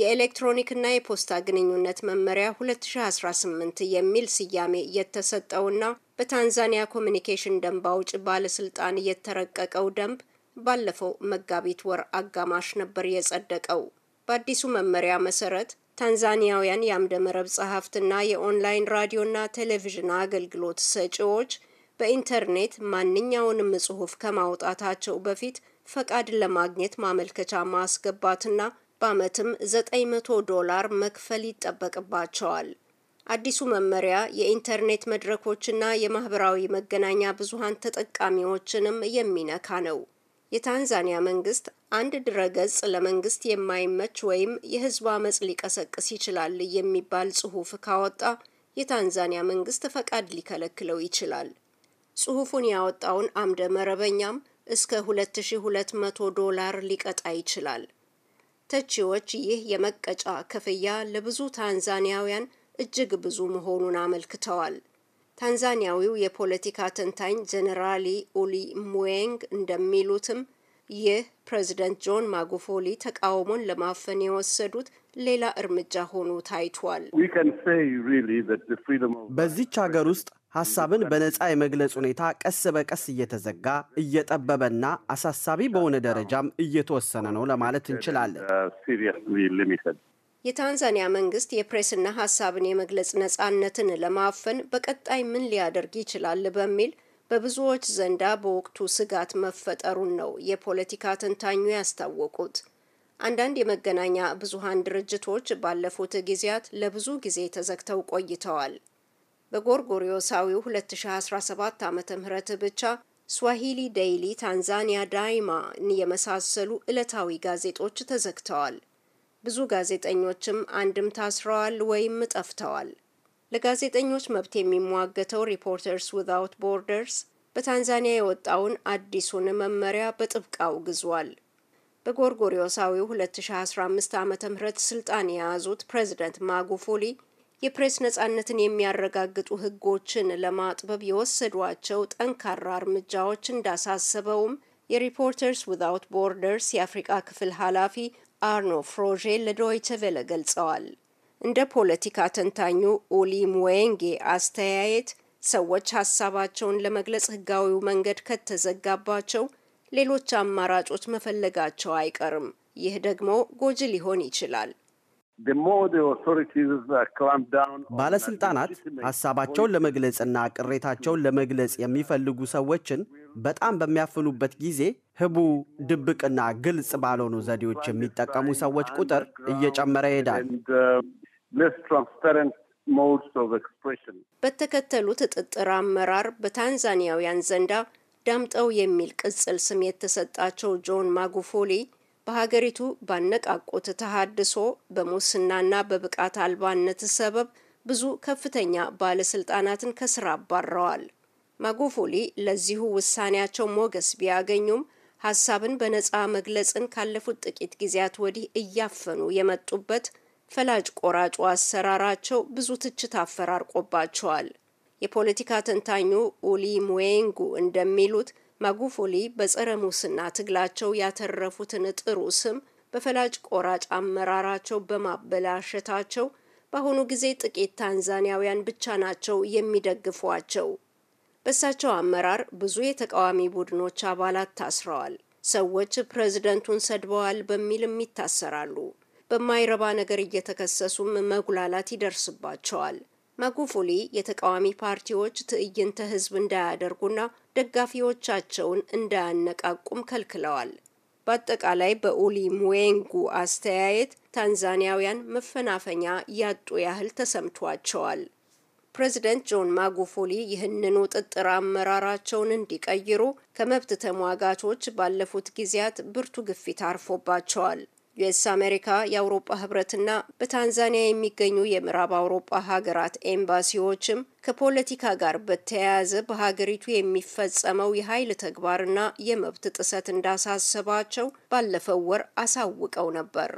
የኤሌክትሮኒክና የፖስታ ግንኙነት መመሪያ 2018 የሚል ስያሜ የተሰጠውና በታንዛኒያ ኮሚኒኬሽን ደንብ አውጭ ባለስልጣን የተረቀቀው ደንብ ባለፈው መጋቢት ወር አጋማሽ ነበር የጸደቀው። በአዲሱ መመሪያ መሰረት ታንዛኒያውያን የአምደ መረብ ጸሐፍትና የኦንላይን ራዲዮና ቴሌቪዥን አገልግሎት ሰጪዎች በኢንተርኔት ማንኛውንም ጽሑፍ ከማውጣታቸው በፊት ፈቃድ ለማግኘት ማመልከቻ ማስገባትና በአመትም 900 ዶላር መክፈል ይጠበቅባቸዋል። አዲሱ መመሪያ የኢንተርኔት መድረኮችና የማህበራዊ መገናኛ ብዙሀን ተጠቃሚዎችንም የሚነካ ነው። የታንዛኒያ መንግስት አንድ ድረገጽ ለመንግስት የማይመች ወይም የህዝብ መጽ ሊቀሰቅስ ይችላል የሚባል ጽሁፍ ካወጣ የታንዛኒያ መንግስት ፈቃድ ሊከለክለው ይችላል። ጽሁፉን ያወጣውን አምደ መረበኛም እስከ 2200 ዶላር ሊቀጣ ይችላል። ተቺዎች ይህ የመቀጫ ክፍያ ለብዙ ታንዛኒያውያን እጅግ ብዙ መሆኑን አመልክተዋል። ታንዛኒያዊው የፖለቲካ ተንታኝ ጀነራሊ ኡሊ ሙዌንግ እንደሚሉትም ይህ ፕሬዚደንት ጆን ማጉፎሊ ተቃውሞን ለማፈን የወሰዱት ሌላ እርምጃ ሆኖ ታይቷል። በዚች ሀገር ውስጥ ሐሳብን በነፃ የመግለጽ ሁኔታ ቀስ በቀስ እየተዘጋ እየጠበበና አሳሳቢ በሆነ ደረጃም እየተወሰነ ነው ለማለት እንችላለን። የታንዛኒያ መንግስት የፕሬስና ሀሳብን የመግለጽ ነፃነትን ለማፈን በቀጣይ ምን ሊያደርግ ይችላል በሚል በብዙዎች ዘንዳ በወቅቱ ስጋት መፈጠሩን ነው የፖለቲካ ተንታኙ ያስታወቁት። አንዳንድ የመገናኛ ብዙሃን ድርጅቶች ባለፉት ጊዜያት ለብዙ ጊዜ ተዘግተው ቆይተዋል። በጎርጎሪዮሳዊው 2017 ዓ ም ብቻ ስዋሂሊ ዴይሊ፣ ታንዛኒያ ዳይማን የመሳሰሉ ዕለታዊ ጋዜጦች ተዘግተዋል። ብዙ ጋዜጠኞችም አንድም ታስረዋል ወይም ጠፍተዋል። ለጋዜጠኞች መብት የሚሟገተው ሪፖርተርስ ዊዛውት ቦርደርስ በታንዛኒያ የወጣውን አዲሱን መመሪያ በጥብቅ አውግዟል። በጎርጎሪዮሳዊው 2015 ዓ ም ስልጣን የያዙት ፕሬዚደንት ማጉፉሊ የፕሬስ ነጻነትን የሚያረጋግጡ ሕጎችን ለማጥበብ የወሰዷቸው ጠንካራ እርምጃዎች እንዳሳሰበውም የሪፖርተርስ ዊዛውት ቦርደርስ የአፍሪቃ ክፍል ኃላፊ አርኖ ፍሮዤ ለዶይቸ ቬለ ገልጸዋል። እንደ ፖለቲካ ተንታኙ ኡሊ ሙዌንጌ አስተያየት ሰዎች ሀሳባቸውን ለመግለጽ ህጋዊው መንገድ ከተዘጋባቸው ሌሎች አማራጮች መፈለጋቸው አይቀርም። ይህ ደግሞ ጎጂ ሊሆን ይችላል። ባለስልጣናት ሀሳባቸውን ለመግለጽና ቅሬታቸውን ለመግለጽ የሚፈልጉ ሰዎችን በጣም በሚያፍኑበት ጊዜ ህቡ ድብቅና ግልጽ ባልሆኑ ዘዴዎች የሚጠቀሙ ሰዎች ቁጥር እየጨመረ ይሄዳል። uh, በተከተሉት ጥጥር አመራር በታንዛኒያውያን ዘንዳ ዳምጠው የሚል ቅጽል ስም የተሰጣቸው ጆን ማጉፎሊ በሀገሪቱ ባነቃቆት ተሃድሶ በሙስናና በብቃት አልባነት ሰበብ ብዙ ከፍተኛ ባለስልጣናትን ከስራ አባረዋል። ማጉፉሊ ለዚሁ ውሳኔያቸው ሞገስ ቢያገኙም ሀሳብን በነፃ መግለጽን ካለፉት ጥቂት ጊዜያት ወዲህ እያፈኑ የመጡበት ፈላጭ ቆራጩ አሰራራቸው ብዙ ትችት አፈራርቆባቸዋል። የፖለቲካ ተንታኙ ኡሊ ሙዌንጉ እንደሚሉት ማጉፎሊ በጸረ ሙስና ትግላቸው ያተረፉትን ጥሩ ስም በፈላጭ ቆራጭ አመራራቸው በማበላሸታቸው በአሁኑ ጊዜ ጥቂት ታንዛኒያውያን ብቻ ናቸው የሚደግፏቸው። በእሳቸው አመራር ብዙ የተቃዋሚ ቡድኖች አባላት ታስረዋል። ሰዎች ፕሬዝደንቱን ሰድበዋል በሚልም ይታሰራሉ። በማይረባ ነገር እየተከሰሱም መጉላላት ይደርስባቸዋል። ማጉፉሊ የተቃዋሚ ፓርቲዎች ትዕይንተ ህዝብ እንዳያደርጉና ደጋፊዎቻቸውን እንዳያነቃቁም ከልክለዋል። በአጠቃላይ በኡሊ ሙዌንጉ አስተያየት ታንዛኒያውያን መፈናፈኛ ያጡ ያህል ተሰምቷቸዋል። ፕሬዚደንት ጆን ማጉፉሊ ይህንኑ ጥጥር አመራራቸውን እንዲቀይሩ ከመብት ተሟጋቾች ባለፉት ጊዜያት ብርቱ ግፊት አርፎባቸዋል። ዩኤስ አሜሪካ የአውሮጳ ህብረትና በታንዛኒያ የሚገኙ የምዕራብ አውሮጳ ሀገራት ኤምባሲዎችም ከፖለቲካ ጋር በተያያዘ በሀገሪቱ የሚፈጸመው የኃይል ተግባርና የመብት ጥሰት እንዳሳሰባቸው ባለፈው ወር አሳውቀው ነበር።